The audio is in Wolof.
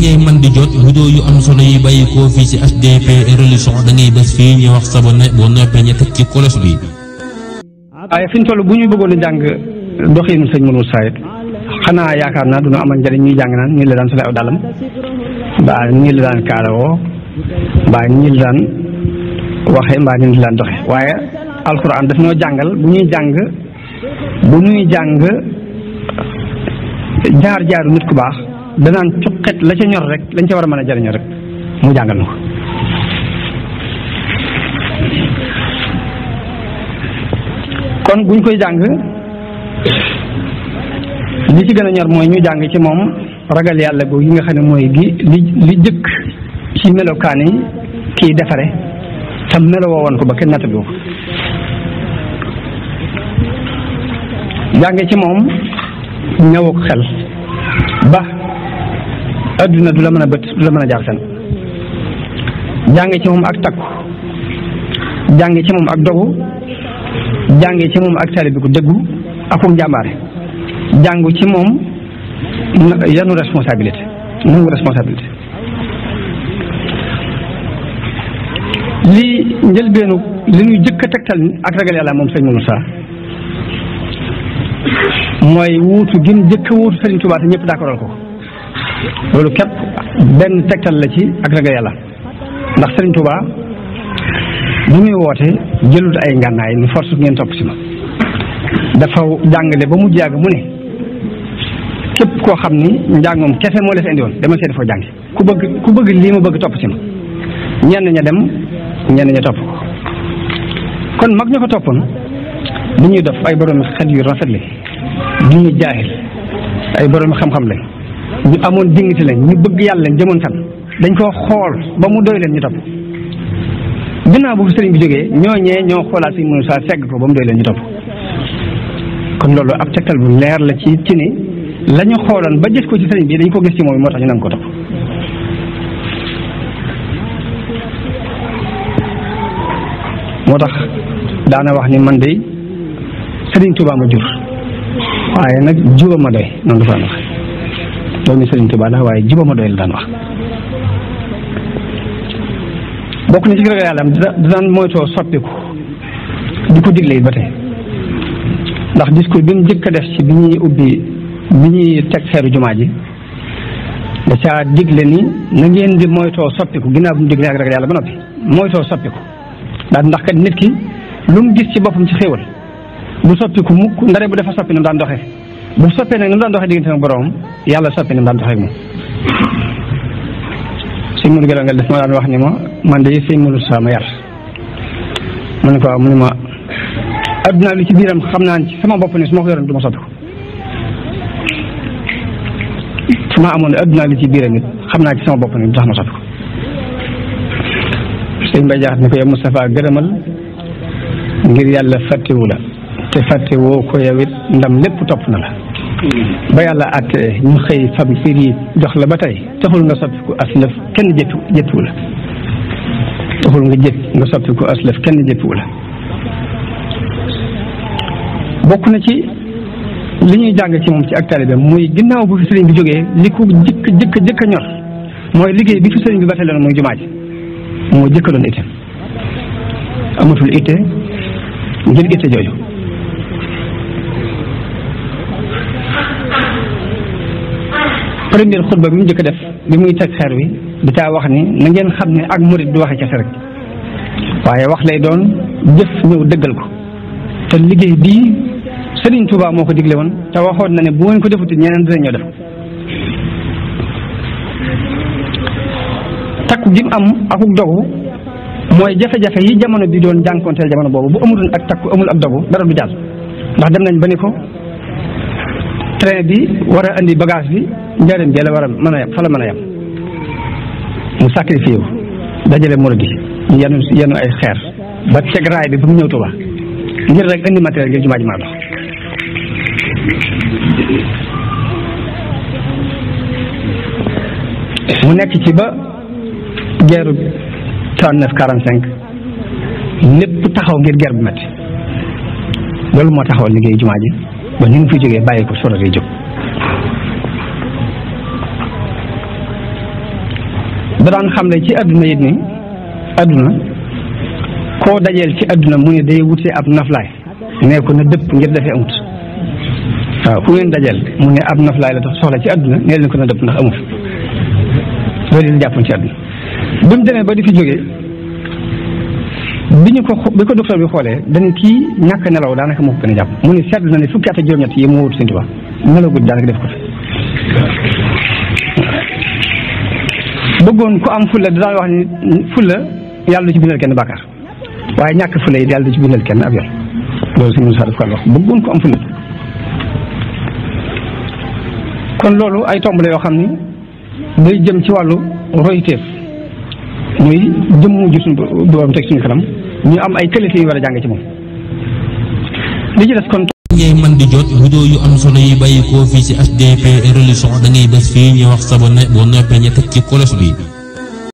ngay man di jot vidéo yu am solo yi bàyyi koo fii ci HDP religion da bés fii ñu sabone boo noppee ñu ci kolos bi waaye fi ñu toll bu ñuy bëggoon a jàng doxiinu sëñ Mourou Sayid xanaa yaakaar naa duna amal njariñ ñuy jàng naan ñii la daan solee aw dalam mbaa ñii daan kaalawoo mbaa ñii daan waxe mbaa ñii la daan doxe waaye alxuraan daf ñoo jàngal bu ñuy jàng bu ñuy jàng jaar jaaru nit ku baax danaan cuqet la ca ñor rek lañ ca war a mën a jëriñoo rek mu jàngal na ko kon buñ koy jàng li ci gën a ñor mooy ñu jàng ci moom ragal yàlla googu yi nga xam ne mooy gi li li jëkk ci melokaani kiy defare tam melowoo woon ko ba kenn nattabi ko jàng ci moom ñëwuk xel ba adduna du la mën a bët du la mën a jaar fen jàng ci moom ak takku jàng ci moom ak dogu jàng ci moom ak taalibe ku dëggu akum jàmbaare jàng ci moom yanu responsabilité nangu responsabilité lii njëlbeenu li ñuy jëkk a tegtal ak ragal yàlla moom sëñ Moussa mooy wuutu gin jëkk a wuutu Sëriñ Tuubaa te ñëpp d'accordool ko loolu képp benn tegtal la ci ak ragal yàlla ndax sëriñ Touba bu muy woote jëlut ay ngànnaay ni force ngeen topp si ma dafa jàngale ba mu jàgg mu ne képp koo xam ni njàngoom kese moo la fi indi woon demal see ku bëgg ku bëgg lii ma bëgg topp si ma ñenn ña dem ñenn ña topp ko kon mag ña ko toppoon du ñuy def ay borom xel yu rafet la du ñuy jaahil ay borom xam-xam lañ ñu amoon dignité lañ ñu bëgg yàlla lañ jëmoon fan dañ koo xool ba mu doy leen ñu topp ginnaaw bu sëriñ bi jógee ñooñee ñoo xoolaat si saa segg ko ba mu doy leen ñu topp kon loolu ab tegtal bu leer la ci ci ni la xooloon ba gis ci sëriñ dañ ko gis ci moom moo tax ñu nangu ko topp tax daana wax ni man de sëriñ Tuubaa ma jur waaye nag juba ma noonu dafa am doomi Sëriñ ko la waaye jiba ma doy la daan wax bokk na ci ragal yàlla am daan moytoo soppiku di ko digle it ba tey ndax discours bi mu njëkk def ci bi ñuy ubbi bi ñuy teg xeeru jumaa ji da caa digle ni na ngeen di moytoo soppiku ginnaaw bi mu digle ak ragal yàlla ba noppi moytoo soppiku ndax ndax kat nit ki lu mu gis ci boppam ci xéewal bu soppiku mukk ndare bu dafa soppi na daan doxee bu soppee nag ni mu daan doxee diggante ak boroom yàlla soppi na daan doxee ak moom sëñ Modou Galaw nga ma daan wax ni ma man de sëñ Modou Sa ma yar mu ne ko waaw mu ma adduna li ci biiram xam naa ci sama bopp ne amoon adduna li ci biiram xam naa ci sama bopp ne du tax ma soppi ko sëñ ko yow Moustapha gërëmal ngir yàlla fàttewu la te fàttewoo ko yow ndam lépp topp na la ba yàlla àttee ñu xëy fam fiir yi jox la ba tey taxul nga soppi ko aslëf kenn jëtu jëtuwu la taxul nga jët nga soppi ko aslëf kenn jëtuwu la bokk na ci li ñuy jàng ci moom ci ak taalibe muy ginnaaw bu fi sëriñ bi jógee li ko jëkk jëkk jëkk ñor mooy liggéey bi fi sëriñ bi bataloon muy jumaa ji moo jëkkaloon itam amatul itte ngir itte jooju première xutba bi mu jëkk def bi muy teg xeer wi di taa wax ni na ngeen xam ne ak murit du waxe kese rek waaye wax lay doon jëf ñëw dëggal ko te liggéey bii Sëriñ Tuubaa moo ko digle woon te waxoon na ne bu ngeen ko defuti ñeneen dinañ ñoo def takku am akuk dogu mooy jafe-jafe yi jamono bi doon jànkonteel jamono boobu bu amul ak takku amul ak dogu dara du jàll ndax dem nañ ba ni ko train bi war a andi bagage bi njëriñ bi la war a mën a yem fa la mën a yem mu sacrifié dajale murid yi yenu yenu ay xeer ba teg raay bi ba mu ñëw Tuuba ngir rek andi matériel ngir jumaa ji mën mu nekk ci ba guerre trente neuf quarante cinq lépp taxaw ngir guerre bu metti loolu moo taxawal liggéey jumaa ji ba ni mu fi jógee bàyyi ko solo day jóg da daan xam ne ci àdduna yit ni àdduna koo dajeel ci adduna mu ne day wutee ab naflaay nee ko na dëpp ngir dafee amut waaw ku ngeen dajeel mu ne ab naflaay la tax soxla ci àdduna nee leen ko na dëpp ndax amut loolu la jàppoon ci àdduna bi mu demee ba di fi jógee bi ñu ko bi ko docteur bi xoolee dañu kii ñàkk nelaw daanaka moo ko gën a jàpp mu ne seetlu na ne fukki at ak juróom-ñett yi mu wut Sëñ Tuubaa nelaw guddi daanaka def ko bëggoon ku am fulla dinaa wax ni fulla yàlla du ci bindal kenn bàkkaar waaye ñàkk fulla yi yàlla du ci bindal kenn ab yoon loolu suñu sax daf ko wax bëggoon ku am fulla kon loolu ay tomb la yoo xam ni day jëm ci wàllu royteef muy jëmm ji suñu borom teg suñu kanam ñu am ay qualité yu war a jàng ci moom li ci des kon ngay man di jot vidéo yu am solo yi bàyyi koo fii ci HDP religion da ngay bés fii ñu wax sabonné boo noppee ñu teg ci kolos bi